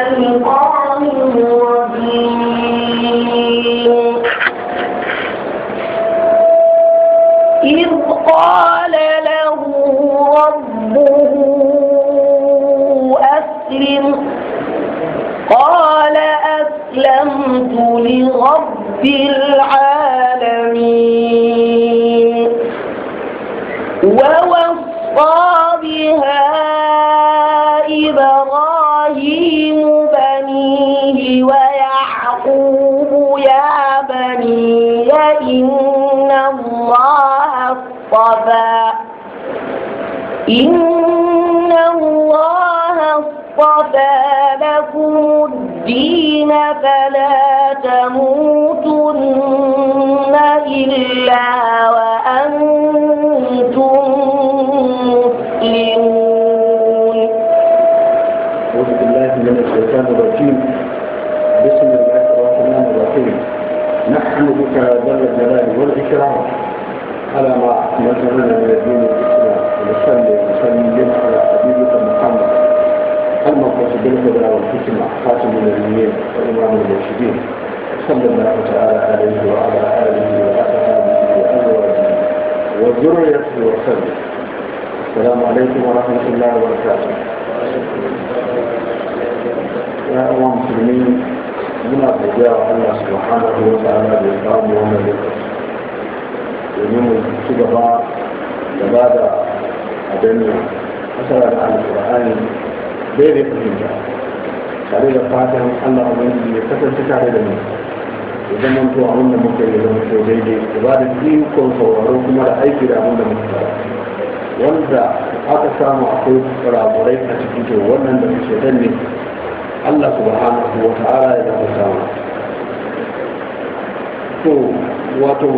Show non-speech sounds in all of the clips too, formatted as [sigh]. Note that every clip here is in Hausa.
القوم الكرام على ما نزلنا من الدين الاسلام ونصلي وسلم على حبيبك محمد المبعوث بالهدى والحكمه خاتم النبيين وامام المرشدين صلى الله تعالى عليه وعلى اله واصحابه وازواجه وذريته وسلم السلام عليكم ورحمه الله وبركاته يا أمام المسلمين muna da الله سبحانه وتعالى wa ta'ala domin mu ci gaba da ba da abin da masana da alƙur'ani bai da fahimta tare da fatan allah ubangiji ya kasance tare da mu ya zama to abin da muka yi zama to daidai ya ba da ikon sauraro kuma da aiki da abin da muka fara wanda aka samu akwai kurakurai a cikin to wannan da shaitan ne allah subhanahu wa ta'ala ya zama samu to wato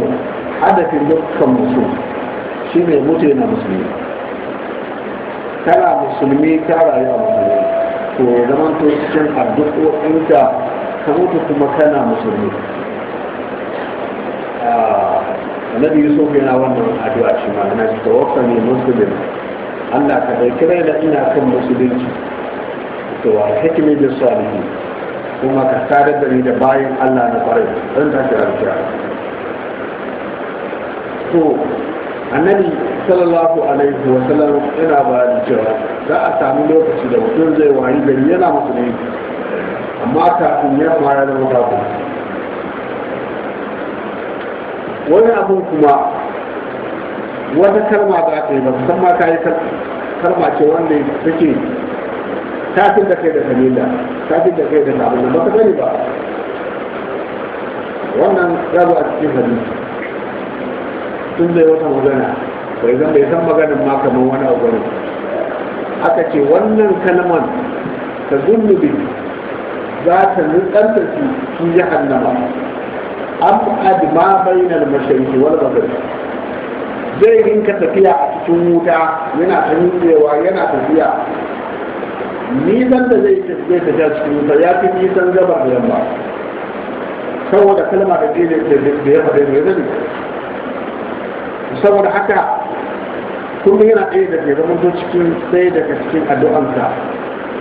hadafin dukkan musulmi shi ne mutu yana musulmi kana musulmi ta rayu a musulmi to zaman to cikin addu'o'inka ka mutu kuma kana musulmi ah, annabi yusuf yana wannan addu'a shi ma na shi wafa ne musulmi Allah ka ɗauki kira da ina kan musulunci to wa hikimi da salihi kuma ka tare da ni da bayan Allah na kwarai don ta shi to annabi sallallahu alaihi wa sallam yana ba da cewa za a sami lokaci da mutum zai wani gari yana ne amma kafin yamma ya da kafin wani abin kuma wata kalma za ta yi ba musamman ta yi kalma ce wanda take tafin da kai da kamila tafin da kai da sabon ba ta gani ba wannan rabu a cikin hadisi tun zai wata magana bai zan bai san maganin ma kamar wani abu ne aka ce wannan kalmar ta zunubi za ta nutsanta su yi jahannama an fa'ad ma da mashariki wani maghrib zai rinka tafiya a cikin wuta yana ta nutsewa yana tafiya nisan da zai tafiya tafiya cikin wuta ya fi nisan gabar da yamma saboda kalma da ke da ya faɗi ne zai saboda haka kuma yana ɗaya daga ke zama cikin ɗaya daga cikin addu'anka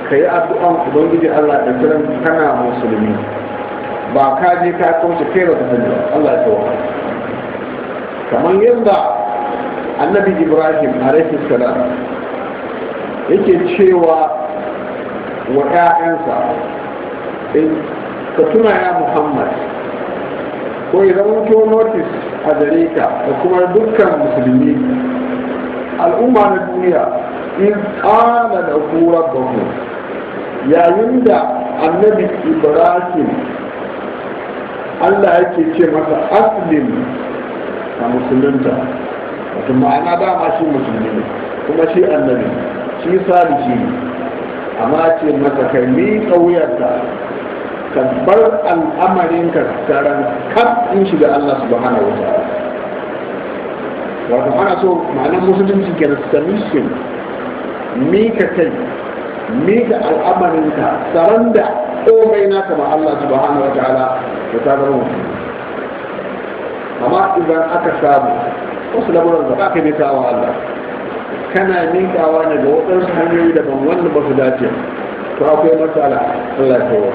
ka yi addu'an ubangiji allah da kiran kana musulmi ba ka je ka kauce kai ba ka allah ya tsawo kamar yadda annabi ibrahim alaihi salam yake cewa wa ƴaƴansa ka tuna ya muhammad ko idan mutuwa notice a gare da kuma dukkan musulmi al'umma na duniya in ƙana da horar da yayin da annabi ibrahim allah yake ce masa aslim a musulunta wato ma'ana dama shi musulmi ne kuma shi annabi shi salisi ne amma ce masa kai ni ka bar al'amarin ka taron kan in shi da Allah subhanahu wa Wata wato ana so ma'anar musulunci ke da submission mika kai mika al'amarin ka tsaron da komai naka ma Allah subhanahu wa ta'ala da ta zama amma idan aka samu wasu lamuran da ba ka mika wa Allah kana mikawa ne ga waɗansu hanyoyi daban wanda ba su dace to akwai matsala Allah ya kawo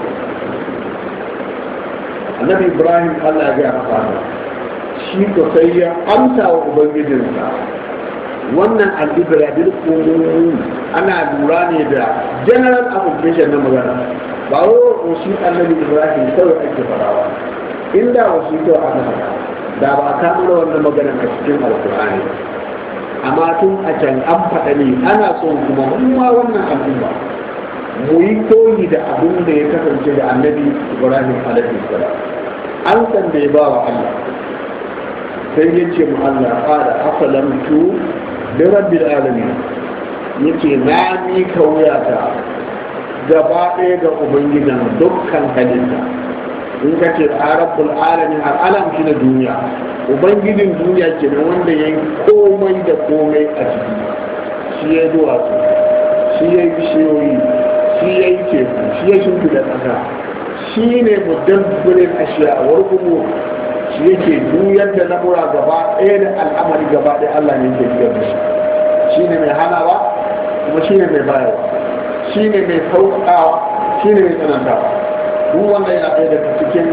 annabi ibrahim allah ya gaya masa shi ko sai ya amsa wa ubangijinsa wannan al'ibradil komomi ana lura ne da general application na magana ba wa shi annabi ibrahim kawai ake farawa inda wasu kawai aka fara da ba ta kamar wannan magana a cikin alkur'ani amma tun a can an faɗa ne ana son kuma ma wannan al'umma mu koyi da abin da ya kasance da annabi ibrahim alaihi salam an san bai ba wa allah sai ya ce mu allah fara afalamtu da rabbil alamin yake na mi kauyata gaba ɗaya ga ubangijin dukkan halitta in ka ce arabul alamin alam shi na duniya ubangijin duniya ke nan wanda ya yi komai da komai a ciki shi ya duwatsu shi ya yi bishiyoyi shi ya yi ke shi ya shimfi da ƙasa shi ne mudabbirin a wa rukumu shi ya ke juyar da lamura gaba ɗaya da al'amari gaba ɗaya Allah ne ke biyar da shi shi ne mai hana ba, kuma shi ne mai bayarwa shi ne mai sauƙawa shi ne mai tsanantawa duk wanda yana ɗaya daga cikin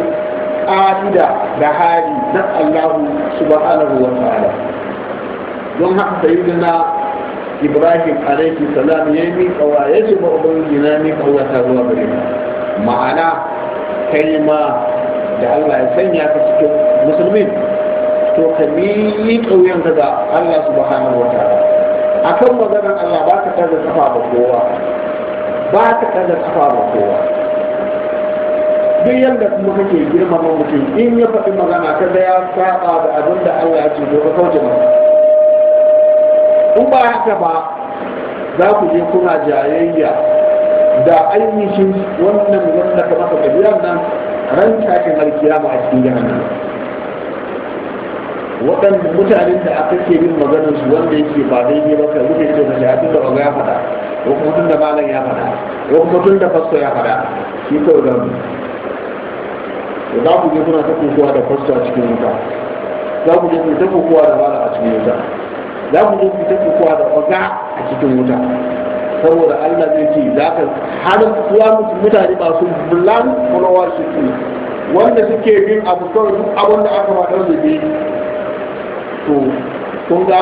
ƙa'ida da hali na Allahu subhanahu wa ta'ala don haka sayyidina ibrahim alaihi salam ya yi kawa ya ce ba ubangiji na mi kawa ta zuwa gare ma'ana kalma da Allah ya sanya ka cikin musulmi to ka mi kauyen ka ga Allah subhanahu wataala akan maganar Allah ba ka kaza kafa ba kowa ba ka kaza kafa ba kowa duk yadda kuma kake girmama mutum in ya faɗi magana ka da ya saba da abin Allah ya ce to ka kauce masa in ba haka ba za ku je kuna jayayya da ainihin wannan wanda ka maka kabiran nan ran tashin mu a cikin jahanna Waɗannan mutanen da aka ke bin maganar su wanda yake ba daidai ba ka rufe ce da ya tunda ba ya faɗa ko kuma tun da malam ya faɗa ko kuma tun da fasto ya faɗa shi kawai da mu to za ku je kuna ta kokowa da fasto a cikin wuta za ku je kuna ta kokowa da malam a cikin wuta za ku zo ku ta kowa da kwaga a cikin wuta saboda Allah zai ce za ka har kuwa mutane masu bulan su ke wanda suke bin abu kawai duk abin da aka faɗa su bi to kun ga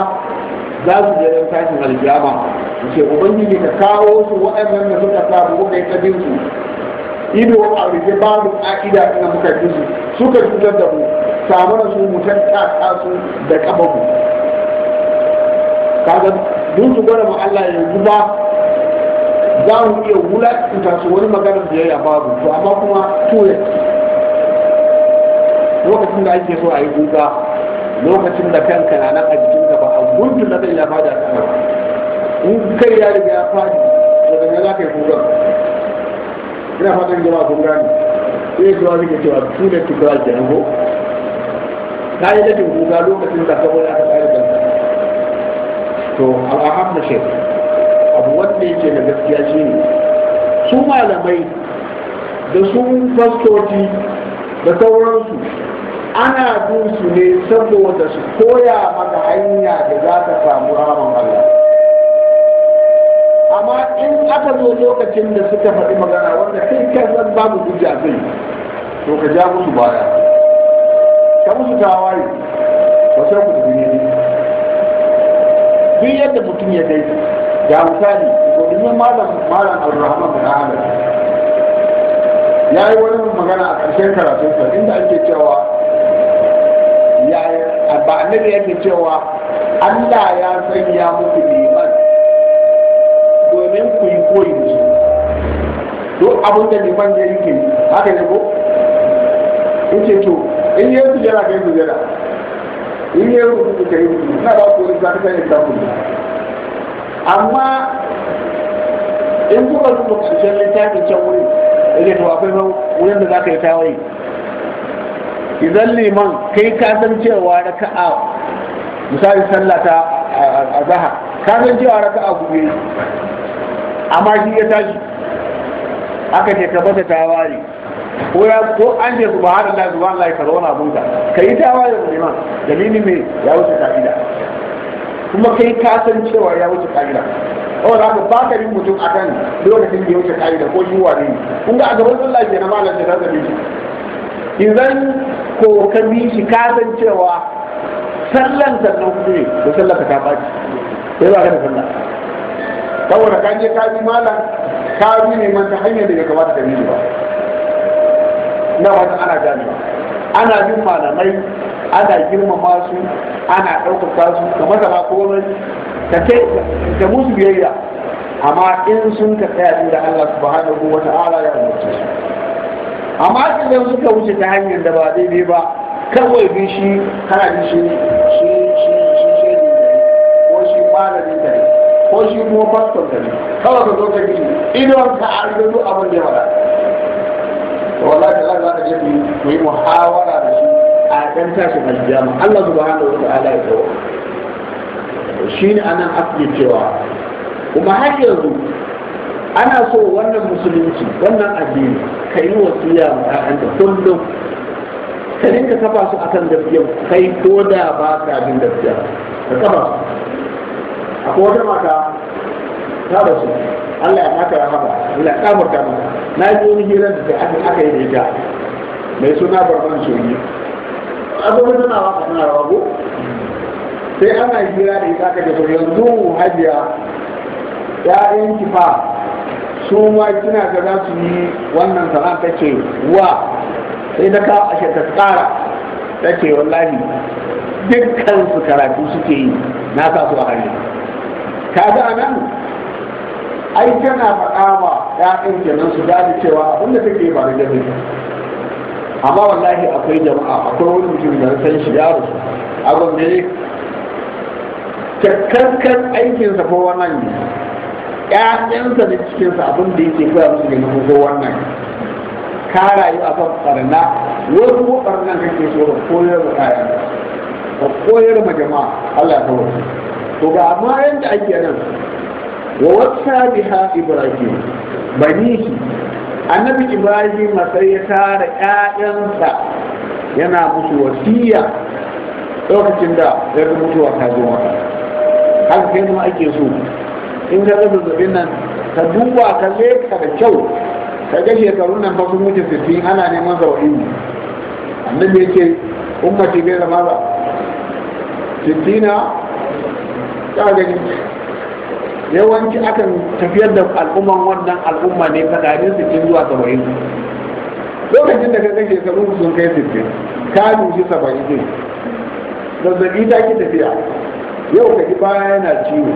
za su je don tashin aljama su ce ubangiji ka kawo su waɗannan da suka samu wanda ya kabin su ido a rufe babu ƙa'ida ina muka su suka cutar da mu samu su mutan ta su da ƙababu kaga mun su gwada ma Allah yanzu ba za mu iya wulaƙanta su wani magana biyayya babu to amma kuma tura lokacin da ake so a yi guga lokacin da kanka na nan a jikinka ba a gudun da zai ya fada a in kai ya riga ya fadi daga ne za ka yi gugan ina fatan jama'a kun gane sai zuwa rike cewa tura tura jango ko yi da guga lokacin da kawai aka to al'aham na shek abu wanda yake da gaskiya shi ne su malamai da su fastoci da sauransu ana bin ne saboda su koya maka hanya da za ka samu ramin Allah amma in aka zo lokacin da suka faɗi magana wanda kai kan babu guja kai to ka ja musu baya ka musu tawaye ba sai ku tafi duk yadda mutum ya dai ga misali godin malam malam abdurrahman bin ahmed yayi wani magana a ƙarshen sa inda ake cewa ba annabi yake cewa Allah ya sanya muku liman domin ku yi koyi da shi duk abin da liman ya yi ke haka ne ko in ce to in yi su jira kai su jira in ya rubutu ka yi rubutu ina ba ku wani zaka ne ta kuma amma in kuka rubuta cikin littafin can wuri yake to akwai wurin da za ka yi tawaye idan liman kai ka san cewa raka'a misali sallata a zahar ka san cewa raka'a gobe amma shi ya tashi aka ce ka bata tawari ko ya ko an ce subhanallahi subhanallahi ka zauna abunka kai ta waye liman dalili ne ya wuce kafida kuma kai ka san cewa ya wuce ka'ida saboda ku ba ka yi mutum akan lokacin da ya wuce kafida ko yiwa ne kun ga a gaban Allah ke na malam da za ta bi shi idan ko ka bi shi ka san cewa sallan sannan kuma ne da sallan ka ba sai ba ka da sallah saboda kan je ka bi malam ka bi neman ta hanyar da ya kamata ka bi ba na wata ana jami'a ana bin malamai ana girmama su ana ɗaukaka su kamar da komai ka ke da musu biyayya amma in sun ka tsaya da Allah subhanahu wa ta'ala ya umarce su amma idan suka wuce ta hanyar da ba daidai ba kawai bin shi kana bin shi shi shi shi shi ko shi malamin ne ko shi kuma pastor ne kawai ka zo ka gidi idan ka arzo abin da ya faɗa wallahi je ku yi muhawara da shi a dan tashi aljama Allah subhanahu wa ta'ala ya kawo ne anan ake cewa kuma har yanzu ana so wannan musulunci wannan addini ka yi wasiya ma da kullum ka rinka kafa su akan gaskiya kai ko da ba ka bin gaskiya ka kafa su ko wata mata ta rasu Allah ya maka rahama Allah ya kafarta maka na ji wani hirar da aka yi da ita mai suna barban shirye abubuwan suna wa suna rabu sai ana hira da ita kaje to yanzu hajiya ya'yan kifa fa su ma kina ga za su yi wannan sana'a ta ce wa sai ta kawo ashe ta tsara ta ce wallahi dukkan su karatu suke yi na sa su a hanyar kaga a nan ai kana faɗa wa ya'yan kenan su gane cewa abinda take ba da jami'a amma wallahi akwai jama'a akwai wani mutum da san shi yaro ne ta kakkarkar aikinsa ko wannan ne ƴaƴansa da cikinsa abin da yake koya musu da mutum ko wannan ka rayu a kan barna wasu ko barnan kake so ka koyar da kayan ka koyar ma jama'a Allah ta wasu to ga amma yadda ake nan wa wasa biha ibrahim banihi annabi ibrahim sai ya tara ƴaƴansa yana musu wasiya lokacin da ya mutuwa ta zo maka har kai ma ake so in ka ga zazzabin nan ka duba ka leka da kyau ka ga shekarun nan ba sun wuce sittin ana neman zawa'in annabi ya ce ummati bai zama ba sittina ta gani yawanci akan tafiyar da al'umman wannan al'umma ne tsakanin sittin zuwa saba'in lokacin da ka ga shekaru sun kai sittin ka dushi saba'in ne zazzabi ta ki tafiya yau ka ji baya yana ciwo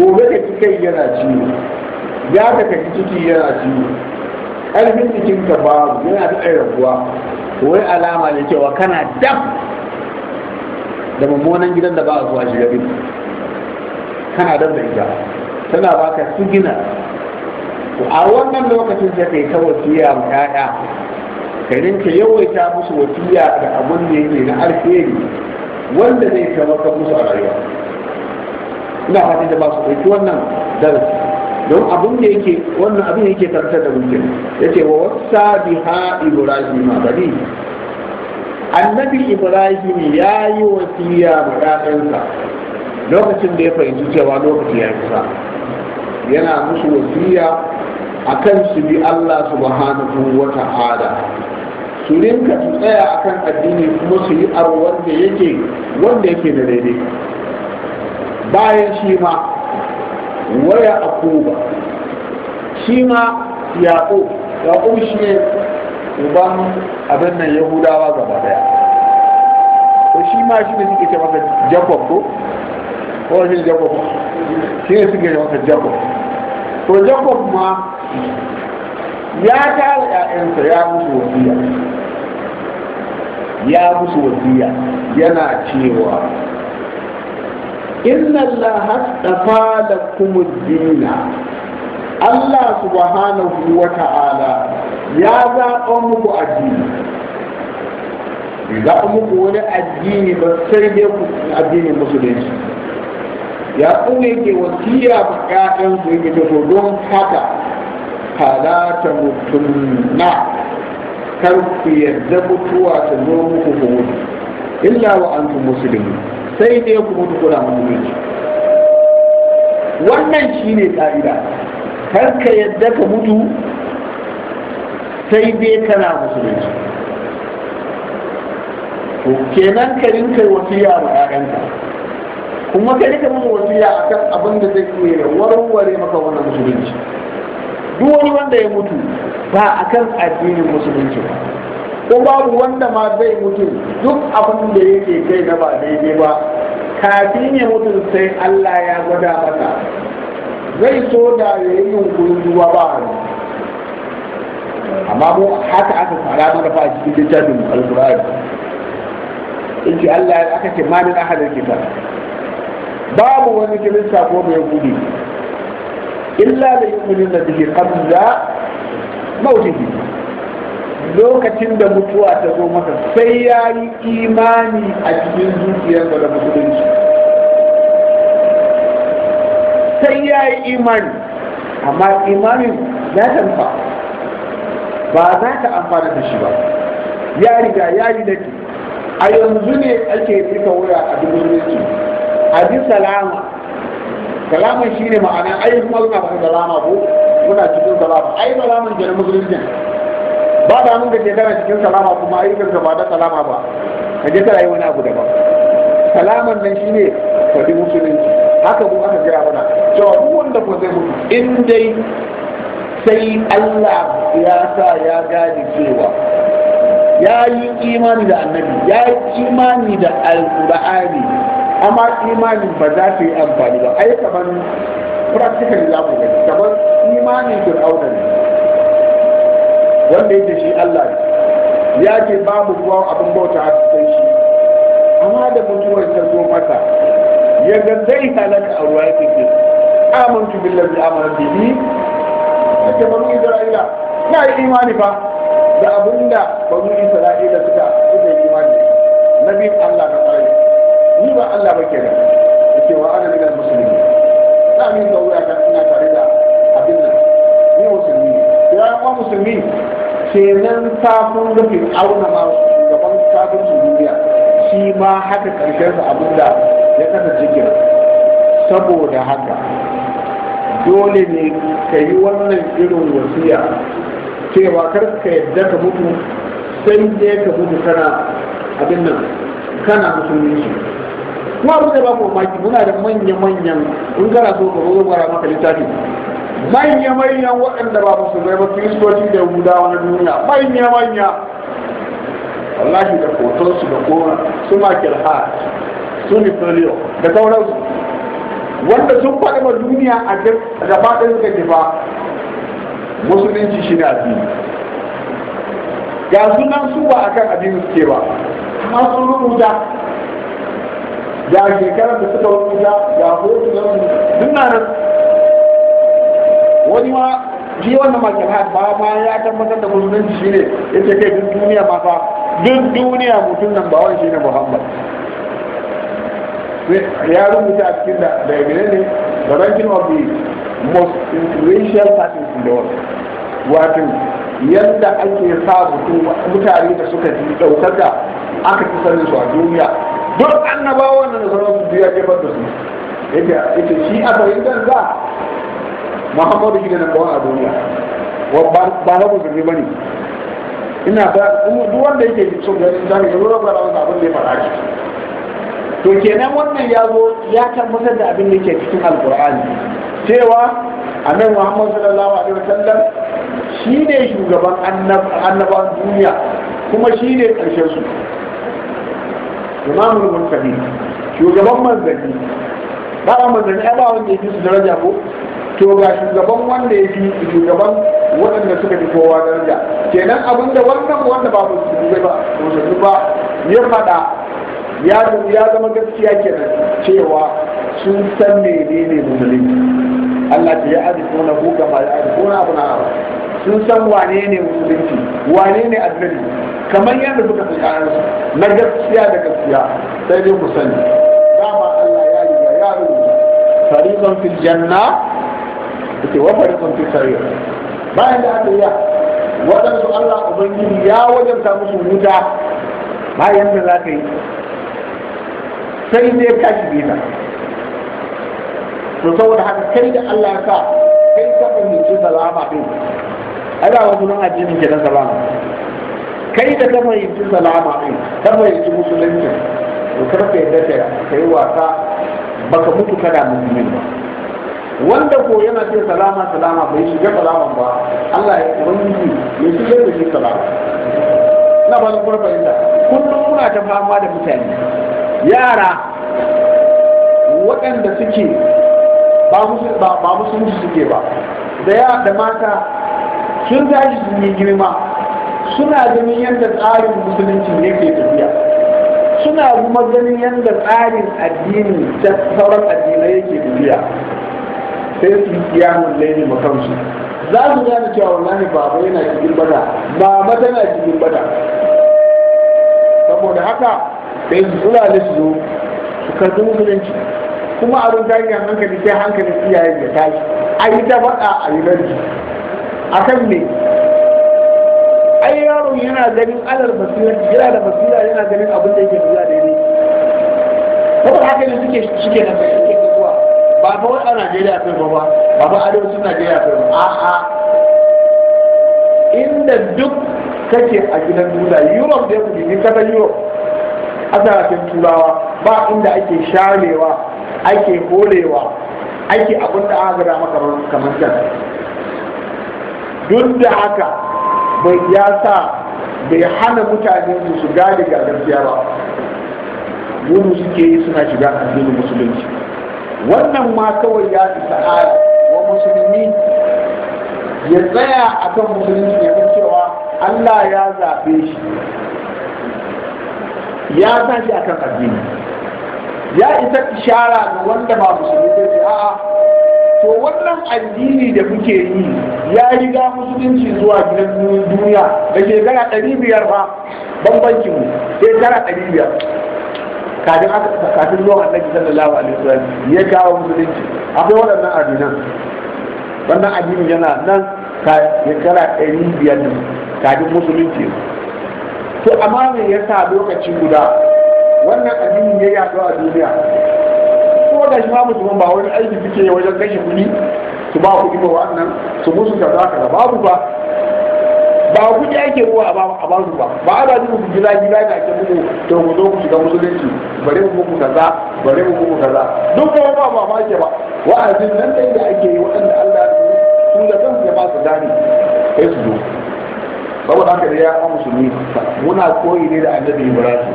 gobe ka ki kai yana ciwo ya ka ka ciki yana ciwo ƙarfin ka babu yana da rabuwa wai alama ne cewa kana dab da mummunan gidan da ba a zuwa shiga biyu kana da ita tana baka sigina to a wannan lokacin sai kai ta wasiya ma ƴaƴa ka rinka yawaita musu wasiya da abun da yake na alheri wanda zai taimaka musu a rayuwa ina fatan da ba su ɗauki wannan darasi don abun da yake wannan abin yake karantar da mutum yace wa wasa biha ibrahim bani annabi ibrahim ya yi wasiya ma ƴaƴansa lokacin da ya fahimci cewa lokaci ya kusa yana musu wasiya a kan su bi Allah su subhanahu wa ta'ala su rinka su tsaya a kan addini kuma su yi aro wanda yake wanda yake da daidai bayan shi ma waya a akuba shi ma yaƙo yaƙo shi ne uban abin nan yahudawa gaba daya ko shi ma shi ne suke ce masa jakob ko ko shi jakob shi ne suke masa jakob to jakob ma ya tara ‘ya'yansa ya musu wasiya ya musu wasiya yana cewa inna Allah hastafa da kuma dina Allah subhanahu wa ta'ala ya zaɓa muku addini zaɓa muku wani addini ba sai dai addinin musulunci ya kuma yake wasiya ga ƴaƴan su yake to don haka kala ta na kar ku yadda mutuwa ta zo muku ku mutu illa wa antum muslimun sai dai ku mutu kula musulunci wannan shine ka'ida kar ka yadda ka mutu sai dai kana musulunci to kenan ka rinka wasiya ga ƴaƴanka kuma ka rika musu wasiya kan abin da zai iya warware maka wannan musulunci duk wani wanda ya mutu ba a kan addinin musulunci ba ko babu wanda ma zai mutu duk abin da yake kai na ba daidai ba kafin ya mutu sai Allah ya gwada maka zai so da ya yi yunkurin zuwa ba amma mu haka aka fara mana fa cikin littafin alkur'ani in ji Allah ya aka ce ma min ahadin kitab babu wani kirista sako mai gudu illa da yukunin da bihi qabla mautihi lokacin da mutuwa ta zo masa sai ya yi imani a cikin zuciyarsa da musulunci sai ya yi imani amma imanin ya tamfa ba za ka amfana da shi ba ya riga ya yi da a yanzu ne ake fika wura a dubu musulunci abi salama salama shine ma'ana ai kuma muna cikin salama ko muna cikin salama ai salama ne na musulunci ba da mun da ke kana cikin salama kuma ayyukan ka ba da salama ba ka je kana yi wani abu daban salaman nan shine fadi musulunci haka mu aka jira mana to duk wanda ko zai mutu in dai sai Allah ya sa ya gadi cewa ya yi imani da annabi ya yi imani da alƙur'ani amma imanin ba za ta yi amfani ba ai kamar practical za ku gani kamar imanin fir'auna ne wanda yake shi Allah ya ce babu ruwa abin bauta a cikin shi amma da mutuwar ta zo mata ya ga zai halaka a ruwa yake ce amantu billahi amana bihi ake banu isra'ila na yi imani ba da abinda banu isra'ila suka suka yi imani na Allah na tsari ni ba Allah ba ke nan yake wa ana minal musulmi na min da wuya ta ina tare da abin nan ni musulmi ya ma musulmi kenan da fi auna ma gaban kafin duniya shi ma haka karshen sa abin ya kasa kira saboda haka dole ne ka yi wannan irin wasiya cewa kar ka yadda ka mutu sai dai ka mutu kana abin nan kana musulmi shi kuma abin da ba mu maki muna da manya-manyan in gara so ka zo gara maka littafi manya-manyan waɗanda ba musulmai ba kiristoci da yahudawa na duniya manya-manya wallahi da hotonsu da koma su makil hart su nifolio da sauransu wanda sun faɗi ma duniya a gaba ɗaya suka ba musulunci shi ne addini ga sunan su ba a kan addini suke ba amma sun rubuta ga shekarar da suka wuce ya hotunan duk na nan wani ma shi wannan makil had ba ma ya tabbatar da musulunci shi ne ya ce kai duk duniya ma fa duk duniya mutum nan ba wani shine muhammad ya rubuta a cikin da da gine ne the ranking of the most influential parties in the world wato yadda ake sa mutane da suka ji daukar da aka fi sanin su a duniya duk annabawan da sauran su ya jefar da su yadda ita shi a fahimtar za muhammadu shi ne na kawai a duniya ba na musulmi ba ne ina ba duk wanda yake so ga zami ya zo gwada wani abin da ya faɗa shi to kenan wannan ya zo ya tabbatar da abin da ke cikin alkur'ani cewa annabi Muhammadu sallallahu alaihi wasallam shi ne shugaban annabawan duniya kuma shine ne su imamul mursalin shugaban manzanni ba a manzanni ai ba wanda ya su daraja ko to ga shugaban wanda ya shugaban waɗanda suka fi kowa daraja kenan abin da wannan wanda ba su ba musulmi ba ya faɗa ya zama gaskiya kenan cewa sun san menene musulmi Allah ta ya arifuna ko kama ya arifuna abu na sun san wane ne musulunci wane ne addini kamar yadda suka san na gaskiya da gaskiya sai dai ku sani dama Allah ya yi ya rubuta fariqan fil janna yake wa fariqan fil sarir bayan da aka yi waɗansu Allah ubangiji ya ta musu wuta bayan da za ka yi sai dai ka shi bina to saboda haka kai da Allah ka, kai ka fahimci salama din ai da wasu nan addinin da salama kai da ka fahimci salama ka fahimci musulunci to kar ka yadda ka yi wasa baka mutu kana musulmi ba wanda ko yana ce salama salama bai shiga salaman ba Allah ya ubangiji ya shigar da shi salama na ba kuma fahimta kullum muna ta fama da mutane yara waɗanda suke ba musulunci suke ba da yara da mata sun tashi sun yi girma suna ganin yadda tsarin musulunci yake tafiya suna kuma ganin yadda tsarin addini ta sauran addinai yake tafiya sai su yi kiyamun laili ma kansu za su gane cewa wallahi baba yana cikin bada mama tana cikin bada saboda haka sai su tsula da su zo su karbi musulunci kuma abin tarihin hankali sai hankali iyayen ya tashi a yi ta faɗa a yi ranci a kan me ai yaron yana ganin alar basira yana da basira yana ganin abin da yake basira da yake kuma haka ne suke suke da suke zuwa ba fa wai a Najeriya kai ba ba ba arewacin Najeriya kai ba a'a inda duk kake a gidan duniya Europe da yake ni kada Europe kasashen turawa ba inda ake sharewa ake horewa ake abin da aka gada maka kamar duk da haka bai ya sa bai hana mutane su su gane ga gaskiya ba gudu suke yi suna shiga addinin musulunci wannan ma kawai ya isa wa musulmi ya tsaya akan musulunci ya san cewa Allah ya zaɓe shi ya sa shi akan addini ya isa ishara ga wanda ba musulmi a'a to wannan addini da muke yi ya yi ga musulunci zuwa gidan duniya da shekara ɗari biyar ba bambancin mu shekara ɗari biyar kafin aka kafin zuwa annabi sallallahu alaihi wasallam ya kawo musulunci akwai waɗannan addinan wannan addini yana nan shekara ɗari biyar ne kafin musulunci to amma me yasa lokaci guda wannan addini ya yaɗo a duniya kuma da shi ma musulman ba wani aiki suke wajen kashe kuɗi su ba kuɗi ba wannan su musu kaza kaza babu ba ba kuɗi ake ruwa a ba ba ba a jin ku gila gila da ake muku to ku zo ku shiga musulunci bare mu muku kaza bare mu muku kaza duk kuma ba ba ma ke ba wa'azin nan dai da ake yi waɗanda Allah su da kansu ya ba su gane sai su zo saboda haka da ya musulmi muna koyi ne da annabi Ibrahim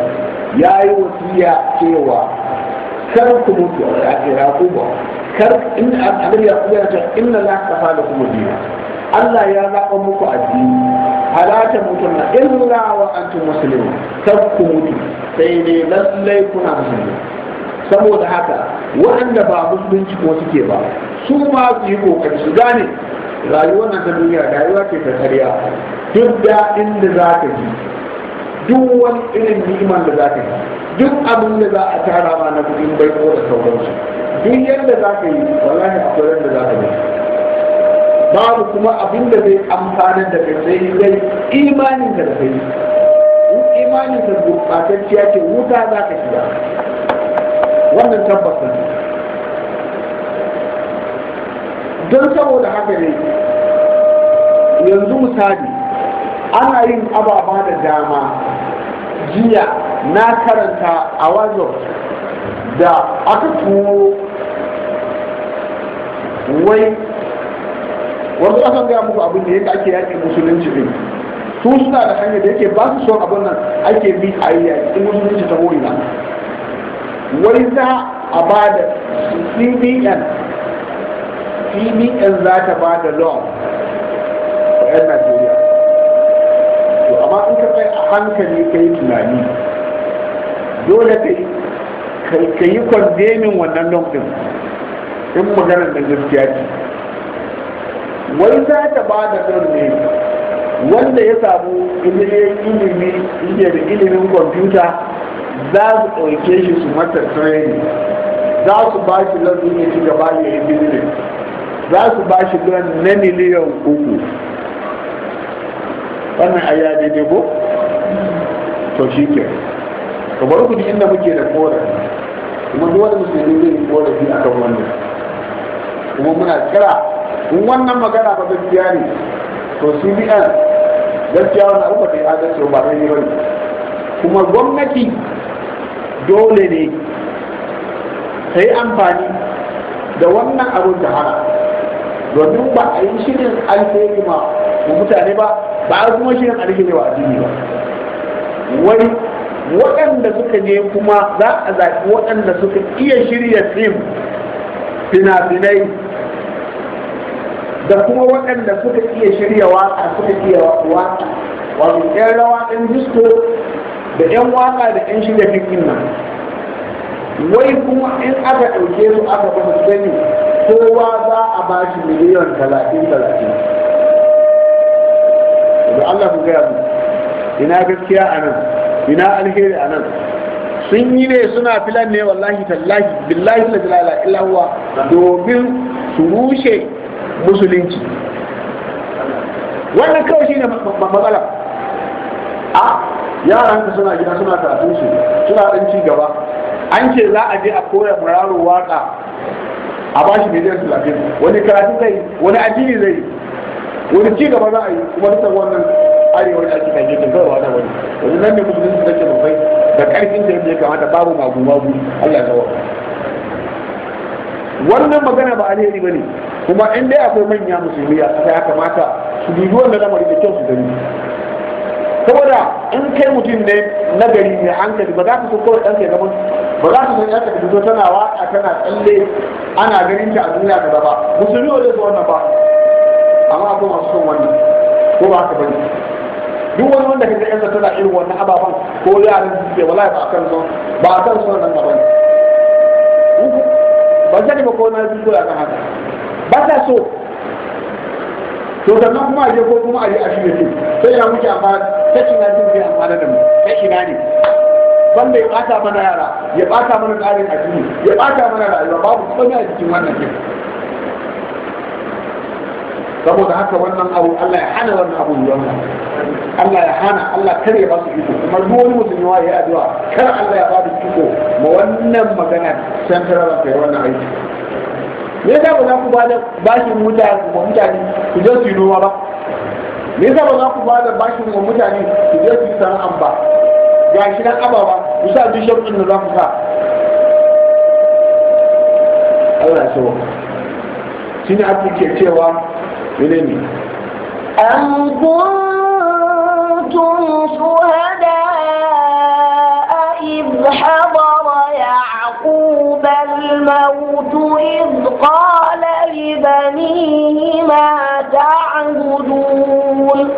ya yi wasiya cewa kar ku mutu a yaquba kar in abin inna kafa Allah ya zaɓa muku addini halata mutunna illa wa antum muslimun kar ku mutu sai dai lallai kuna musulmi saboda haka waɗanda ba musulunci ko suke ba su ma su yi kokari su gane rayuwar nan ta duniya rayuwa ce ta karya duk daɗin da za ka ji duk wani irin ni'imar da za ka ji duk abin da za a tara ma na kudin bai ko da sauransu duk yadda za ka yi wallahi koyar da za ka yi babu kuma abin da zai amfana da kai sai dai imanin da kai in imanin ka gurbatacciya ce wuta za ka shiga wannan tabbata don saboda haka ne yanzu misali ana yin ababa da dama jiya na karanta a wajen da aka tuwo wai wasu akan gaya muku abin da yadda ake yaƙi musulunci ne, su suna da hanyar da yake ba su son abin nan ake bi a yi yaƙi musulunci ta na. wai za a ba da cbn cbn za ta ba da law ga 'yan najeriya to amma in ka kai a hankali ka yi tunani dole ka yi kwandemin wannan lokacin in maganar da gaskiya ce wai za ta ba da nan ne wanda ya samu ilimi iya da ilimin kwamfuta za su ɗauke shi su mata training za su ba shi lardun ya ci gaba ya yi za su ba shi don na miliyan uku wannan a ne ko to shi kenan kamar ku inda muke da korafi kuma duk wani musulmi zai yi korafi a kan wannan kuma muna kira in wannan magana ba gaskiya ne to cbn gaskiya wani abu ba ta yi ba ta yi ba kuma gwamnati dole ne ta yi amfani da wannan abun da hana domin ba a yi shirin alheri ma mutane ba ba a kuma shirin alheri a addini ba wani waɗanda suka ne kuma za a zaɓi waɗanda suka iya shirya fim fina-finai da kuma waɗanda suka iya shirya waka suka iya waka, wato ɗan rawa ɗan disko da ɗan waka da ɗan shirya fikin nan wai kuma in aka ɗauke su aka ba sani kowa za a ba shi miliyan talatin talatin da Allah ku gaya mu ina gaskiya a nan ina alheri a nan sun yi ne suna filan ne wallahi tallahi billahi la jalala illa huwa domin su rushe musulunci wannan kawai shine matsala a yaran ta suna gida suna karatun su suna dan ci gaba an ce za a je a koya muraro waka a bashi miliyan talatin wani karatu zai wani addini zai wani ci gaba za a yi kuma ta wannan arewa da ake kaje kawai wannan wani yanzu nan ne musulunci su take babbai da karfin da yake kamata babu magu magu Allah ya wannan magana ba alheri bane kuma in dai akwai manya musulmi a kasa ya kamata su dubi wannan lamari da kyau su gani saboda in kai mutum ne nagari mai hankali ba za ka so kawai ɗanka ya zama ba za su san yarka ta fito tana waƙa tana tsalle ana ganin ta a duniya ta gaba musulmi ba zai so wannan ba amma akwai masu son wannan ko ba haka bane duk wani wanda kaga yanzu na irin wannan ababen ko yaran suke wala ba kan son ba kan son nan gaba ne ban sani ba ko na ji ko akan haka ba ta so to sannan kuma a je ko kuma a je a shirye ce sai ya muke amfana ta ina jin zai amfana da mu ta ina ne wanda ya bata mana yara ya bata mana tsarin addini ya bata mana rayuwa babu komai a cikin wannan kenan saboda haka wannan abu Allah ya hana wannan abu yiwuwa Allah ya hana Allah kar ya su iko kuma duk wani mutum ya yi addu'a kar Allah ya ba su iko ma wannan magana san tarara kai wannan aiki me yasa ba za ku ba da bashin mutane ku mutane ku je su yi noma ba me yasa ba za ku ba da bashin wa mutane ku je su yi sana'an ba ga shi nan ababa ku sa duk sharuɗin da za ku sa Allah ya so shi ne ake cewa ام كنتم شهداء إذ حضر يعقوب الموت إذ قال لبنيه ما تعبدون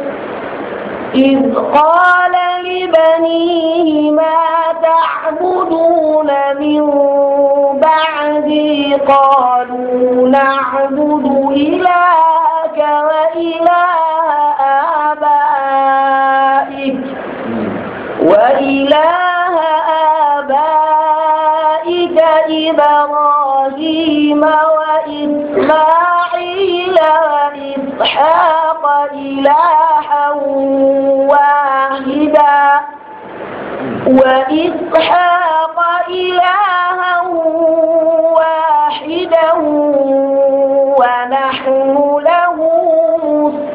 إذ قال لبنيه ما تعبدون من بعدي قالوا نعبد إله إلها واحدا وإسحاق إلها واحدا ونحن له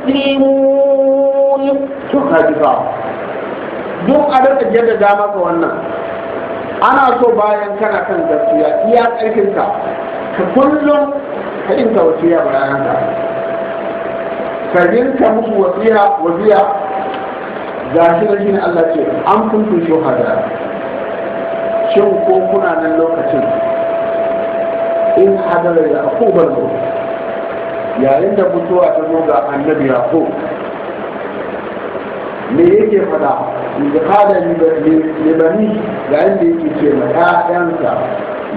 مسلمون شكرا لك duk a daga jaddada maka wannan ana so bayan kana kan gaskiya iya ƙarfinka ka kullum ka inta wasu ya bayanka ka rinka musu wasiya wasiya ga shi da Allah ce an kuntum shuhada shin ko kuna nan lokacin in hadara ya akubar mu yayin da mutuwa ta zo ga annabi yaqub me yake fada da kada ne bani ga inda yake ce ma ƴaƴansa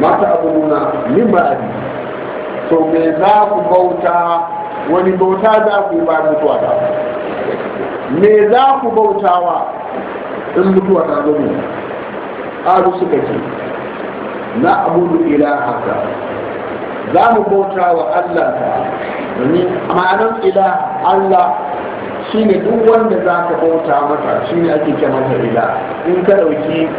mata abu nuna min ba'adi to me za ku bauta wani bauta za ku yi bayan mutuwa ta me za ku bautawa in mutuwa ta zo mu suka ce na abudu ila haka za mu bauta wa Allah ta domin ma'anar ila Allah shi ne duk wanda za ka bauta mata shi ne ake kyan mata ila in ka ɗauki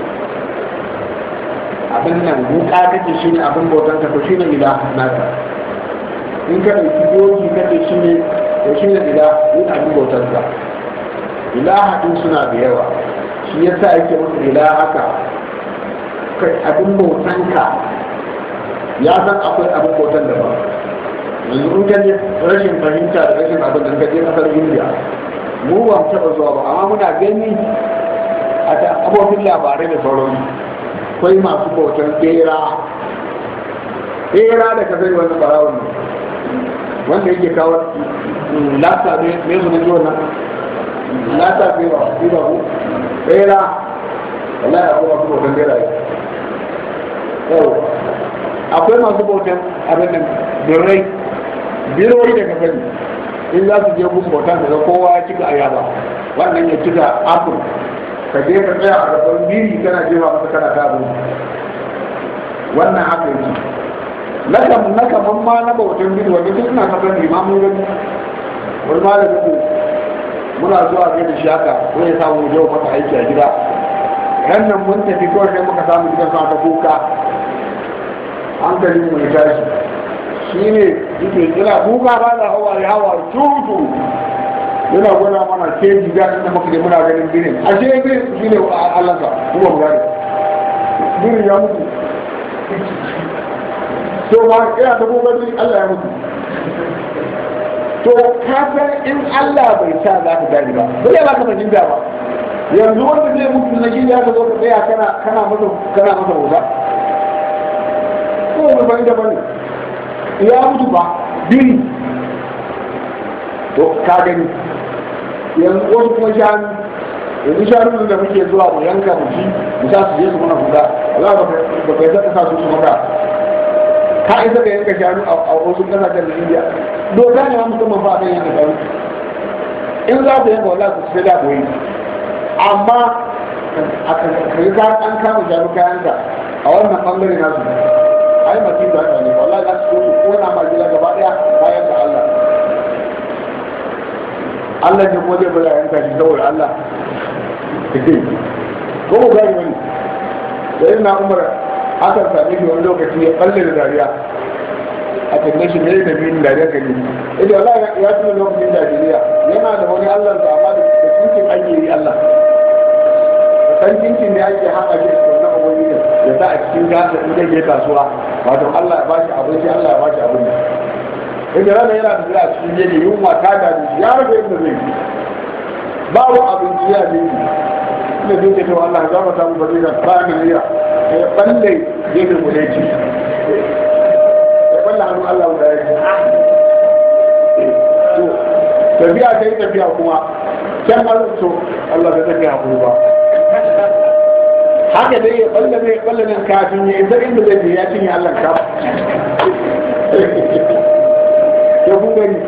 abin nan wuka kake shi ne abin bautan ka to shi ne ila naka in ka ɗauki doki ka ce shi ne da shi ne ila yin abin bautar sa ilaha din suna da yawa shi ya sa yake musu haka? Kai abin bautan ka ya san akwai abin bautan da ba yanzu in ka rashin fahimta da rashin abin da ka je kasar indiya mu ba mu taɓa zuwa ba amma muna gani a abokin labarai da sauransu akwai masu bautan bera bera da ka sani wani ɓarawon ne wanda yake kawo lata ne ne zuwa ji wannan lata ne ba bai ba ku bera wallahi akwai masu kan bera yau akwai masu bautan abin nan birrai birrai daga gani in za su je gun bautan daga kowa ya cika ayaba wannan ya cika apple ka je ka tsaya a gaban biri kana jewa masa kana ta abin wannan haka yake na kam na na bautan bidu wanda duk na kasan limamin gani wani malamin mu muna zuwa ga da shi shaka ko ya samu yau maka aiki a gida ran nan mun tafi kawai sai muka samu gidan sa ta kuka hankalin mu ya tashi shi ne yake kira kuka ba da hawa ya hawa tutu yana gwada mana keji da inda muka muna ganin ginin ashe ginin shi ne Allah ka kuma mu gane ginin ya mutu ma yana da gobe Allah ya mutu to ka in Allah bai sa za ka gani ba ba ya zai baka fahimta ba yanzu wanda zai mutu na gida ka zo ka tsaya kana kana masa kana masa wuta ko wani ban da bane ya mutu ba biri to ka gani yanzu wasu kuma shanu yanzu shanu da muke zuwa mu yanka mu ci mu sa su je su mana kuka Allah ba ka yi sa su su maka ka isa ka yanka shanu a wasu kasashen da indiya doka ne ma musamman ba a kan yanka shanu in za ku yanka wala ku sai da koyi amma a kankari ka an kama shanu kayansa a wannan bangare nasu ai mafi da ta ne Wala za su so su kona ma gida gaba daya bayan da Allah Allah ne ko zai bada yanka shi saboda Allah [laughs] ko ku gani wani sai na umar akan same shi wani lokaci ya balle da dariya a cikin shi ne da biyun dariya ga ne ita Allah ya tuna lokacin dariya yana da wani Allah da amma da cikin ake yi Allah da san cikin ne ake haɗa shi da wannan da ya sa a cikin gasa in zai je kasuwa wato Allah ya bashi abinci Allah ya bashi da ita rana yana da a cikin yadda yunwa ta gani ya rufe inda zai babu abinci ya ne da duk da cewa Allah ya zama samu bazira ba ne haka ya gefe ya Allah guda ya to tafiya ta yi tafiya kuma can to Allah ta tafiya kuma ba haka dai ya ne ya nan kafin ya isa inda zai ya cinye Allah ka ya kun gani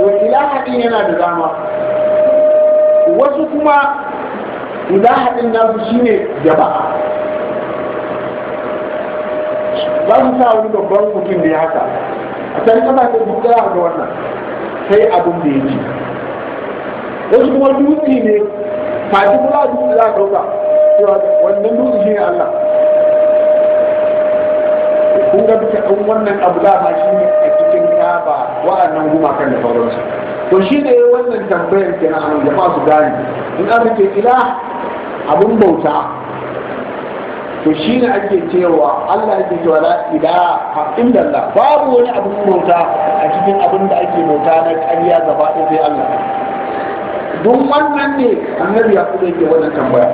to ilaha yana da dama wasu kuma ilaha din nasu shine jama'a za mu sa wani babban mutum da ya haka a can kasashen duk da ga wannan sai abin da ya ci wasu kuma dutse ne fati kula dutse za a ɗauka cewa wannan dutse shi ne Allah kun ga duka ɗan wannan abu da ma shi ne a cikin kaba wa'annan gumakan da sauransu to shi ne wannan tambayar kenan a nan jama'a su gane in aka rike ila abin bauta to shi ne ake cewa Allah yake cewa la ilaha illallah babu wani abin mota a cikin abin da ake mota na ƙarya gaba ɗaya sai Allah don wannan ne annabi ya kuma yake wannan tambaya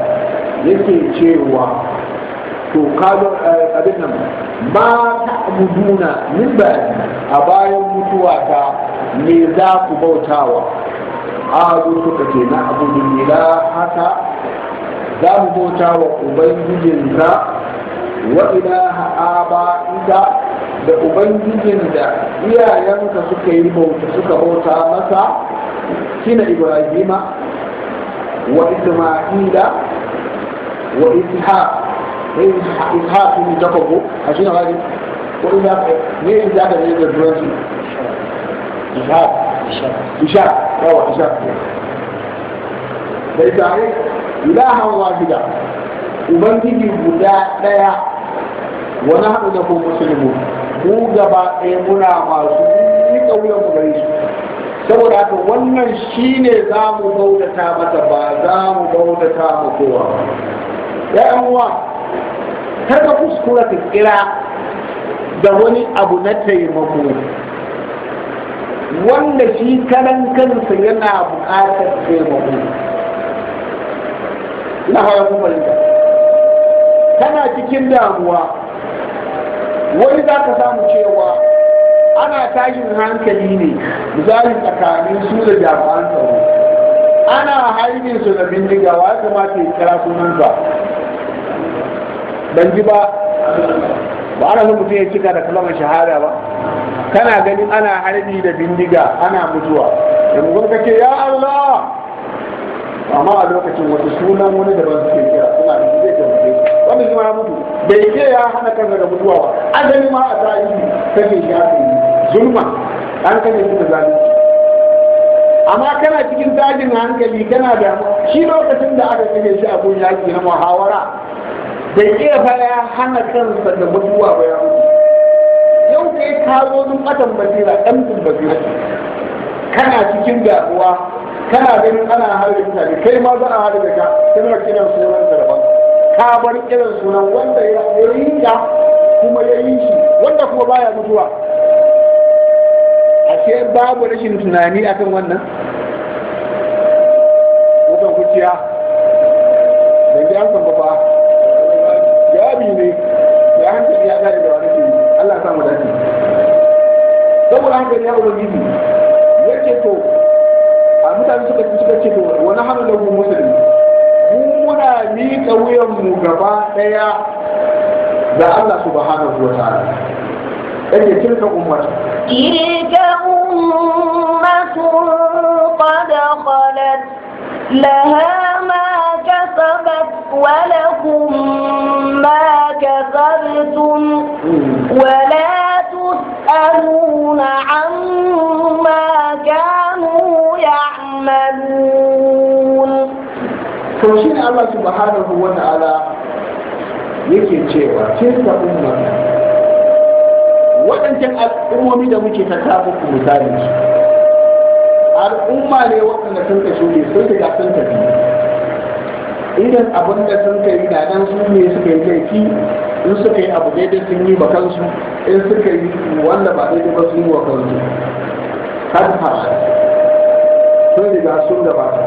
yake cewa to kaga eh, abin nan ma ta'buduna min ba a bayan mutuwa ta me za ku bautawa zuwa suka ce na abu la haka za mu bauta wa ubangijinsa wa ilaha aba'ika da ubangijin da iyayenka suka yi bauta suka bauta masa shine ibrahima wa isma'ila wa ishaq sai ishaq ne ta kwabo a shi na wani ko ina ne in za ka je da turanci ishaq ishaq yawa ishaq da ita ne ilahan wahida ubangiji guda daya wani haɗu da ko musulmi mu gaba ɗaya muna masu yi ƙauyen mu gari saboda haka wannan shine za mu bautata mata ba za mu bautata mu kowa ya 'yan uwa kar ka kuskura ka kira da wani abu na taimako wanda shi kanan kansa yana buƙatar taimako na hawa mafarinta kana cikin damuwa wani za ka samu cewa ana tashin hankali ne misali tsakanin su da jami'an tsaro ana haibin su da bindiga ya kamata ya kira sunansa ban ji ba ba ana so mutum ya cika da kalamar shahada ba kana ganin ana harbi da bindiga ana mutuwa da mutum ka ya Allah amma a lokacin wata sunan wani daban ke kira suna da zai taimake su wanda shi ya mutu bai ke ya hana kansa da mutuwa ba azali ma a tarihi kake shi aka yi zulma an kane shi da zalunci amma kana cikin dajin hankali kana da shi lokacin da aka kane shi abun yaki na muhawara bai ke fa ya hana kansa da mutuwa ba ya mutu yau kai kawo zo basira ɗan basira kana cikin damuwa kana ganin ana da mutane kai ma za a harbe ka kana kiran sunan da daban ka bar kiran sunan wanda ya yi ka kuma ya yi shi wanda kuma baya mutuwa A ce babu rashin tunani akan wannan wutan kuciya da ji san ba fa jawabi ne ya hankali ya gane da wani ke Allah ya samu dace saboda hankali ya ubangiji yake to mutane suka suka ce to wa nahnu lahu muslimin mu muna miƙa wuyan mu gaba daya da Allah subhanahu wa ta'ala yake tilka ummatu tilka ummatu qad khalat laha ma kasabat wa lakum ma kasabtum wa la tus'aluna amma kana تعملون فشين الله سبحانه وتعالى يكي cewa تلك ummata وأن تلك da muke ta kafa ku misali al'umma ne waɗanda sun ka shuɗe sun idan abin da sun kai da nan su ne suka yi laifi in suka yi abu daidai sun yi ba kansu in suka yi wanda ba daidai ba sun yi wa kansu har fara riga sun gabata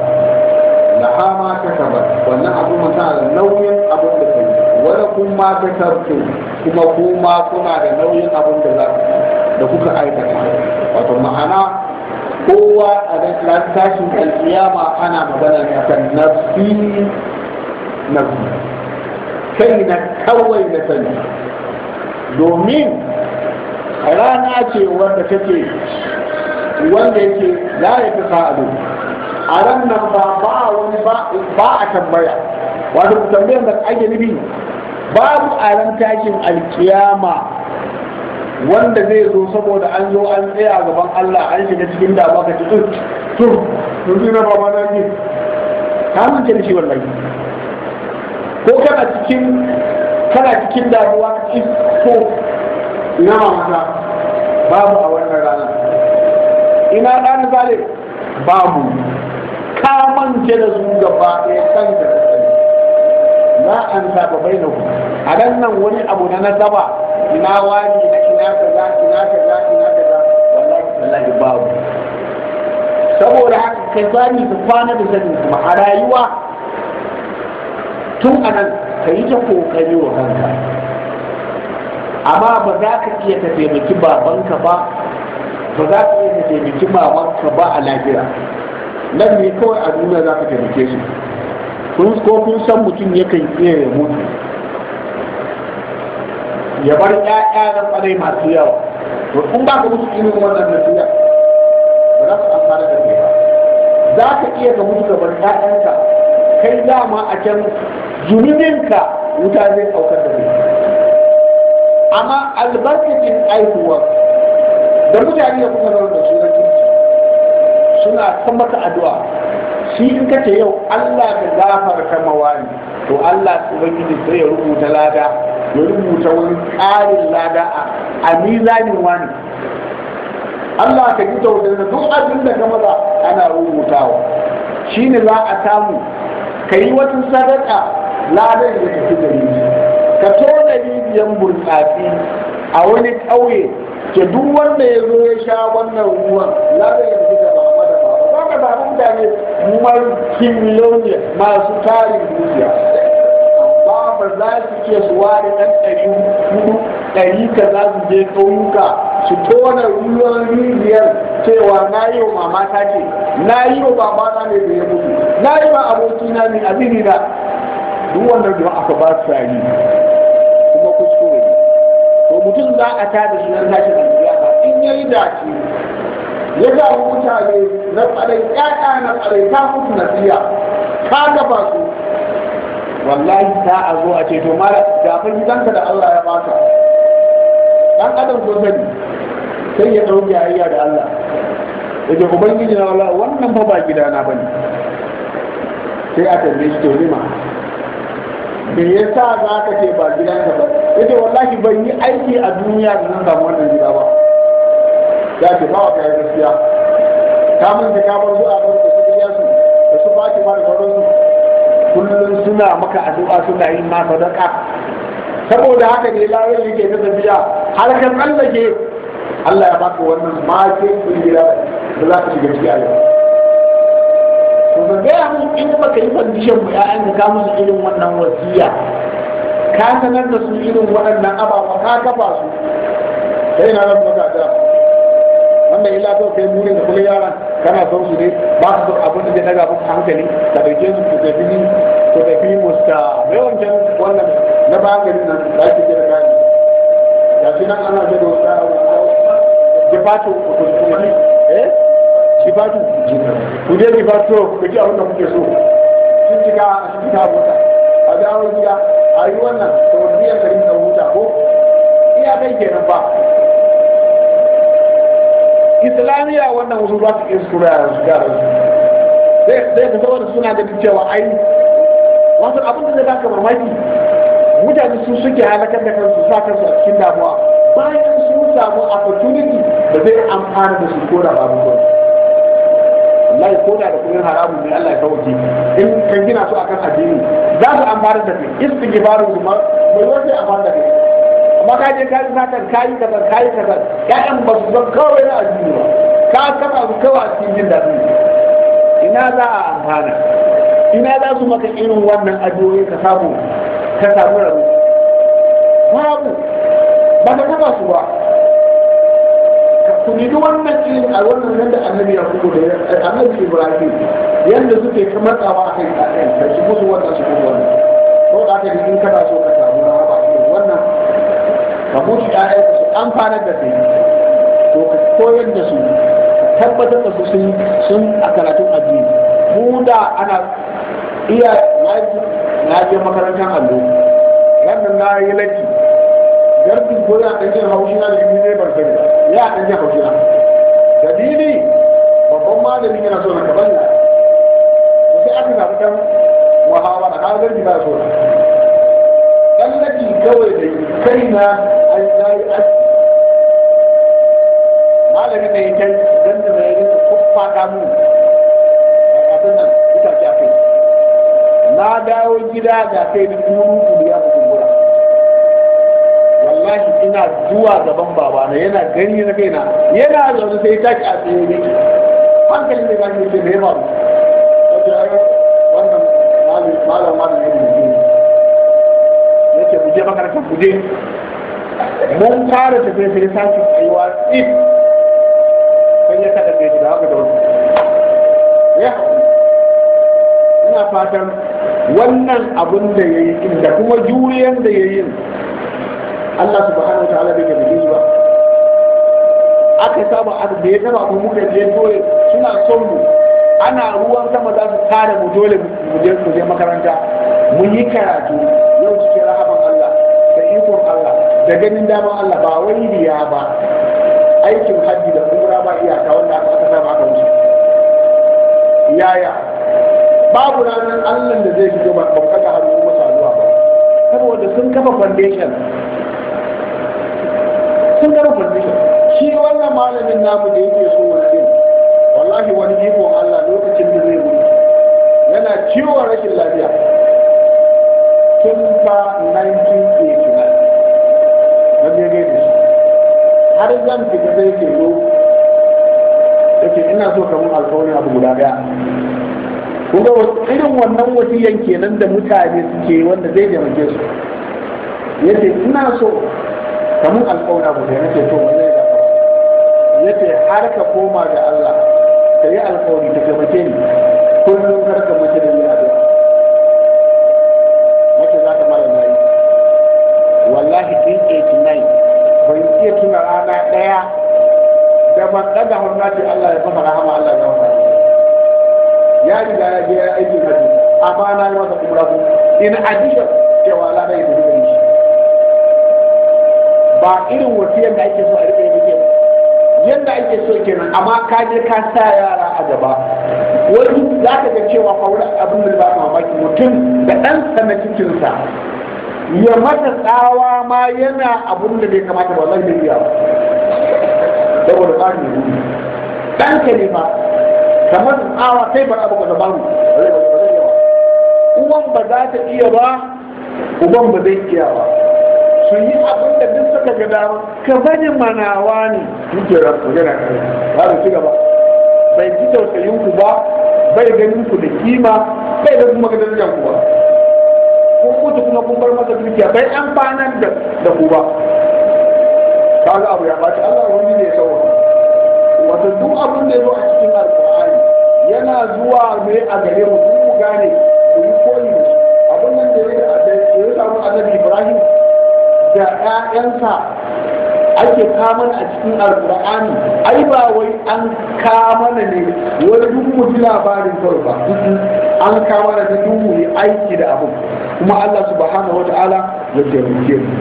laha ma kasabat wannan abu mata da nauyin abin da kai wani kun ma kasabtu kuma kuma kuna da nauyin abin da za da kuka aikata wato ma'ana kowa a da tashin alkiyama ana magana ne akan nafsi nafsi kai na kawai na sani domin rana ce wanda take wanda yake la ya fi sa'adu a ran nan ba ba wani ba a tambaya wato ku tambayar da ake nufi babu a ran tashin alkiyama wanda zai zo saboda an zo an tsaya gaban Allah an shiga cikin da ba ka ci tun tun na ba na ne ka mun ce shi wallahi ko kana cikin kana cikin damuwa ka ci to ina ma mata babu a wannan rana. ina ɗan zale babu ka mance da su gaba ɗaya san da na an ba bai na a ran nan wani abu na nasaba ina wani na ina za ina kaza ina kaza wallahi wallahi babu saboda haka kai sani ka kwana da sani kuma a rayuwa tun anan ka yi ta kokari wa kanka amma ba za ka iya ka taimaki babanka ba ba za ka iya ka taimaki mamanka ba a lafiya nan ne kawai a duniya za ka taimake su ko kun san mutum ya yakan iya ya mutu ya bar ƴaƴa na kwarai masu yawa to kun ba ka mutu ilimin wannan nasiya ba za ka amfana da kai ba za ka iya ka mutu bar ƴaƴanka kai dama a can zunubinka wuta zai ɗaukar da kai amma albarkacin aihuwa da mutane da kuma zaune da su suna ta maka addu'a shi in ka ce yau Allah ka gafarta mawani to Allah ubangiji sai ya rubuta lada ya rubuta wani ƙarin lada a mizanin wani Allah ka ji tausayin duk abin da ka maza ana rubutawa shine za a samu ka yi wata sadaka ladan ya tafi da ka tona rijiyan burtsatsi a wani ƙauye ke duk wanda ya zo ya sha wannan ruwan lada yanzu da baba da baba Ba ka samu mutane mulkimiloniya masu tarin dukiya amma ba za su iya su ware ɗan ɗari hudu ɗari ka za su je ƙauyuka su tona ruwan rijiyar cewa na yi wa mama ta ce na yi wa baba na ne da ya mutu na yi wa abokina ne a na duk wannan da aka ba su mutum za a ta da sunan tashi da kiyama in ya yi dace ya ga mutane na tsarai ƙyaƙa na tsarai ta mutu na tsiya ka gaba su wallahi ta a zo a ce to mara gafin gidanka da Allah ya baka dan adam ko sani sai ya ɗauki ayya da Allah yake ubangiji na wala wannan ba ba gidana bane sai a tambaye shi to ma. me yasa za ka ce ba gidanka ba ce wallahi ban yi aiki a duniya da nan samu wannan gida ba ya ce ba ka yi gaskiya ka mun da ka bar zuwa a bar su da su da su ba ki ba da sauransu kullum suna maka addu'a suna yi ma sadaka saboda haka ne da yake ta tafiya har ka tsallake Allah ya baka wannan ma ke kun gida da za ka shiga cikin aljanna in baka yi kwandishin mu ya'yan ka musu irin wannan wasiya ka sanar da su irin waɗannan ababa ka kafa su kai na ran maka da wanda illa to kai mure da kullu yaran kana so su ne ba su so abin da zai daga muku hankali da dauke su ku tafi ni ku tafi musta mai wancan wannan na ba hankali nan da ke da gani ga shi nan ana jira wasu da fato ku kuskure sifatu ku je sifatu ku ji abin da kuke so sun cika a cikin ta huta a dawo gida a yi wannan da wani biyar karin da huta ko iya kai nan ba islamiyya wannan wasu ba su iya su kura su gara su zai ka saboda suna da cewa ai wasu abin da zai baka mamaki mutane su suke halakar da kansu sa kansu a cikin damuwa bayan sun samu opportunity da zai amfana da su kora babu gwamnati wallahi ko da da kudin haramun ne Allah ya kawo in kan gina su akan addini za su amfana da kai istighfaru kuma mai wanda amfana da kai amma ka je ka yi satan ka yi kaza ka yi kaza ƴaƴan ba su kawai na addini ba ka saba su kawai a cikin jin ina za a amfana ina za su maka irin wannan addu'o'i ka samu ka samu rabu babu ba ka taba su ba ku nemi wannan irin a wannan yadda annabi ya fito da eh, annabi ibrahim yadda suke kamar tsawa a kai a kai da su musu wannan su musu wannan ko da ka in kana so ka samu na ba wannan ka mutu ƴaƴan su amfanar da kai to ka koyar da su tabbatar da su sun sun a karatun addini mu da ana iya na je makarantar allo wannan na yi laifi garbi ko ya ɗan jin haushi na da shi ne ban sani ba ya ɗan jin haushi na dalili babban malami yana so na kaban na to sai aka zaɓi ɗan muhawara ka garbi ba so na ɗan laki kawai da kai na an yi aski malami ne kai dan da mai rinka kuffata mu a abin nan ita ce a kai na dawo gida ga kai da kuma mutum ya mutum tashi ina zuwa gaban babana yana gani na kaina yana zaune sai tashi a tsaye ne hankalin da zai ce ne ba wannan malam malam malam ne ne yake mu je makaranta ku je mun fara tafiya sai tashi tsayuwa tsit sai ya kada bai da haka da wani ya ina fatan wannan abin da ya yi da kuma juriyar da ya yi Allah subhanahu wataala bai taimake ba aka saba abu da ya taba abu mu da dole suna son mu ana ruwan sama za su kare mu dole mu je makaranta mun yi karatu yau cikin rahaman Allah da ikon Allah da ganin dama Allah ba wani biya ba aikin hajji da umra ba iyaka wanda aka saba aka wuce yaya babu ranar allah da zai fito ba kaga hannu masu ba saboda sun kafa foundation matuƙar permission shi wannan malamin namu da yake so wani wallahi wani ikon Allah lokacin da zai mutu yana ciwon rashin lafiya tun fa 1989 wanda ya gaida shi har zan fita zai ke zo yake ina so kamun alkawarin abu guda daya kuma irin wannan wasiyan kenan da mutane suke wanda zai taimake su yace ina so kamun alƙawari abu da yake to mai zai ya ce har ka koma ga Allah ka yi alƙawari ka mace ni kullum kar ka mace da ya addu'a mace za ka mara nayi wallahi tun 89 ban iya tuna rana ɗaya da ban ɗaga hannu ce Allah ya fasa rahama Allah ya wata ya riga ya je ya aikin hajji amma na yi masa kumra in addition cewa Allah ya tafi da shi ba irin wasu yadda ake so a rike yake ba yadda ake so kenan amma ka je ka sa yara a gaba wani za ka ga cewa fa wani abin da ba mamaki mutum da ɗan sana cikinsa ya mata tsawa ma yana abin da bai kamata ba zai iya saboda ba ne ɗan ka kamar tsawa sai ba abu ka bamu uwan ba za ta iya ba uban ba zai iya ba su yi abin da duk suka ga dama ka bani manawa ne duke ran ku ba su ci gaba bai ji tausayin ku ba bai ganin ku da kima bai da kuma gadar ku ba kun mutu kuma kun bar masa dukiya bai amfanar da ku ba kaga abu ya ɓaci Allah wani ne ya sauwa wata duk abin da ya zo a cikin alƙur'ani yana zuwa ne a gare mu mu gane mu yi koyi abin nan da ya samu annabi Ibrahim da 'ya'yansa ake kaman a cikin alkur'ani ai ba wai an kamana ne wani duk mu ji labarin kawai ba an kamana da duk mu yi aiki da abu kuma Allah subhanahu wata'ala ya taimake mu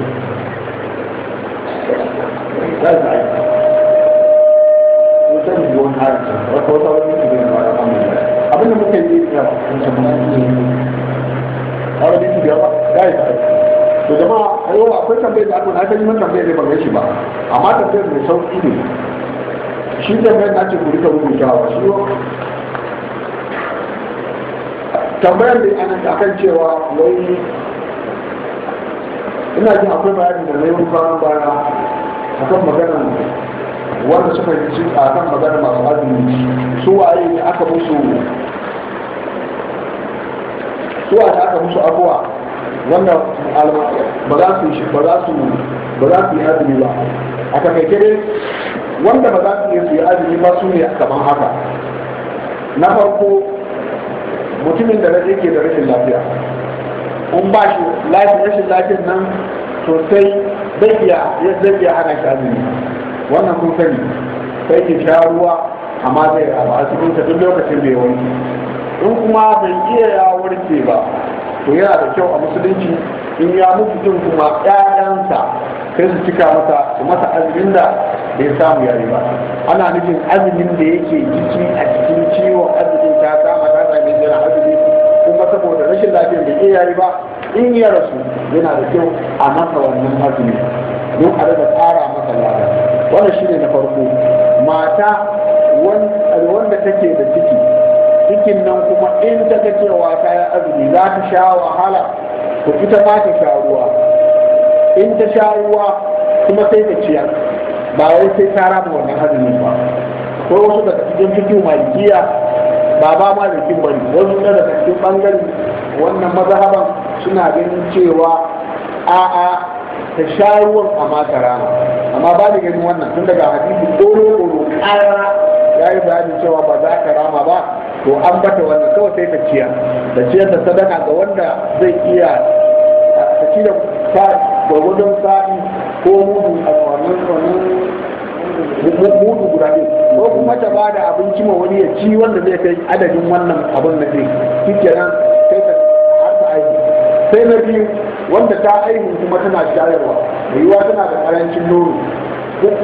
abin da muka yi ne a wani ne ba ya yi to jama'a a yau akwai tambayar da aka na kan yi man tambayar da ban shi ba amma tambayar mai sauƙi ne shi tambayar na ce ku rika rubutawa shi tambayar da ana akan cewa wai ina jin akwai bayani da na yi kwanan baya akan maganar wanda suka yi ci a kan magana masu azumi su waye ne aka musu su da aka musu abuwa wannan ba azumi ba a takaice wanda ba za su yi su yi azumi ba su ne kamar haka na farko mutumin da rage ke da rashin lafiya in ba shi rashin lafiya nan sosai zai iya zai iya hana shi azumi wannan kun sani sai ke sha ruwa amma zai a asibitin duk lokacin da ya wanke in kuma bai iya ya warke ba to yana da kyau a musulunci in ya mutu din kuma ƴaƴansa sai su cika masa su masa azumin da bai samu yare ba ana nufin azumin da yake jiki a cikin ciwon azumin ta kama ta sami yana azumi kuma saboda rashin lafiyar da ke yare ba in ya rasu yana da kyau a masa wannan azumi don a daga tsara masa lada wannan shine na farko mata wanda take da ciki cikin nan kuma in ta ga cewa ta yi azumi za ta sha wahala to ita ma ta sha ruwa in ta sha ruwa kuma sai ta ciyar ba wai sai ta rama wannan azumi ba ko wasu daga cikin cikin malikiya ba ba ma da cikin bari wasu na daga cikin bangare wannan mazhaban suna ganin cewa 'a ta sha ruwan a mata rana amma ba da ganin wannan tun daga hadisi koro ɗoro ƙara ya yi bayanin cewa ba za ka rama ba to an bata wannan kawai sai ta ciya Da ciyar da sadaka ga wanda zai iya ta ci da gwagwadon sa'i ko mudu a wannan mudu guda ne ko kuma ta ba da abinci ma wani ya ci wanda zai kai adadin wannan abin da zai shi kenan sai ta harta aiki sai na biyu wanda ta aiki kuma tana shayarwa yiwuwa tana da karancin nono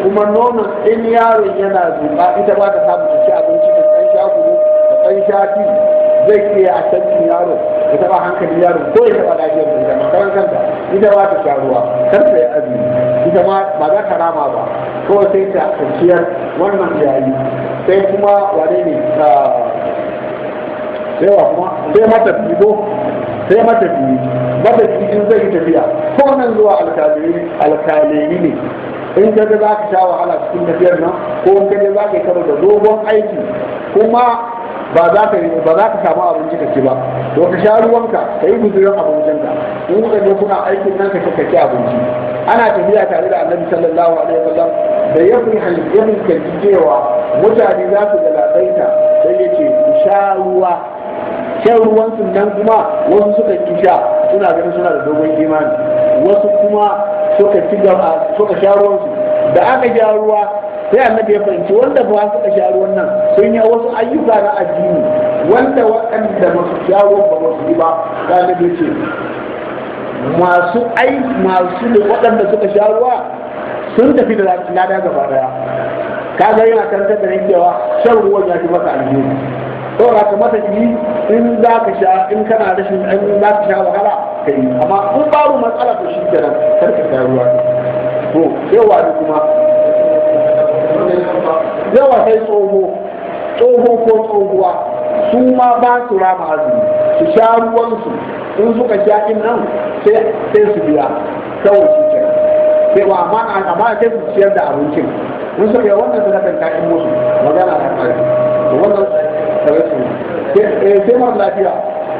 kuma nonon in yaron yana zuba ita ba ta samu ta ci abinci ya shafi zai ke a canjin yaro ya taba hankali yaro ko ya taba lafiyar da ita makaran kanta ita ba ta sha ruwa kar ta yi azumi ita ma ba za ta rama ba ko sai ta kanciyar wannan yayi sai kuma wane ne ta ah, sai wa kuma sai mata fito sai mata fito mata in zai yi tafiya ko nan zuwa alkalini ne in ka za ka sha wahala cikin tafiyar nan ko in ka za ka yi kama da dogon aiki kuma ba za ka ba za ka samu abinci ka ci ba to ka sha ruwanka ka yi guzurin abincinka in kuka je kuna aikin nan ka ci abinci ana tafiya tare da annabi sallallahu alaihi wasallam da ya fi halin cewa mutane za su galabaita sai ya ce ku sha ruwa shan ruwan sun nan kuma wasu suka ki sha suna ganin suna da dogon imani wasu kuma suka ci suka sha ruwan su da aka ja ruwa sai annabi ya fahimci wanda ba suka ka sharu nan sun yi wasu ayyuka na addini wanda waɗanda masu sharu ba masu yi ba galibi ce masu ai masu da waɗanda suka sharu ruwa sun tafi da lada gaba daya kaga yana karantar da ni cewa shan ruwan ya fi maka aljihu to ka kamata yi in za ka sha in kana rashin in za ka sha wahala kai amma in babu matsala to shi kenan kar ka ruwa to yawa kuma yawa sai tsoho tsoho ko tsohuwa su ma ba su rama azumi su sha ruwansu in suka sha in nan sai su biya kawai su ce sai ba amma amma kai su ciyar da abincin in suka yi wannan sanatar ta in musu magana ta kare to wannan tare su sai eh, mara lafiya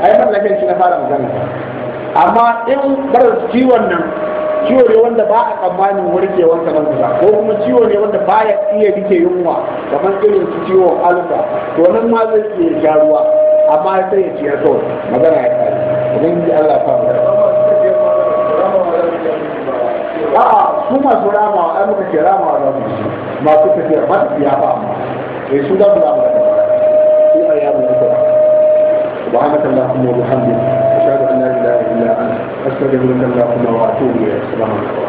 ai mara lafiya shi na fara magana amma in bar ciwon nan ciwo ne wanda ba a tsammanin warkewar kamar guda, ko kuma ciwo ne wanda baya iya rike yunwa kamar irin su ciwon alfa to nan ma zai iya ja ruwa amma sai ya ciya to magana ya kare idan yi Allah fa a'a su masu ramawa ɗan muka ce ramawa za su ci masu tafiya ba su ya ba amma eh, sai su za su ramawa da su a yamu da su ba haka Allah kuma wa bihamdika استغفرك اللهم واتوب اليك السلام عليكم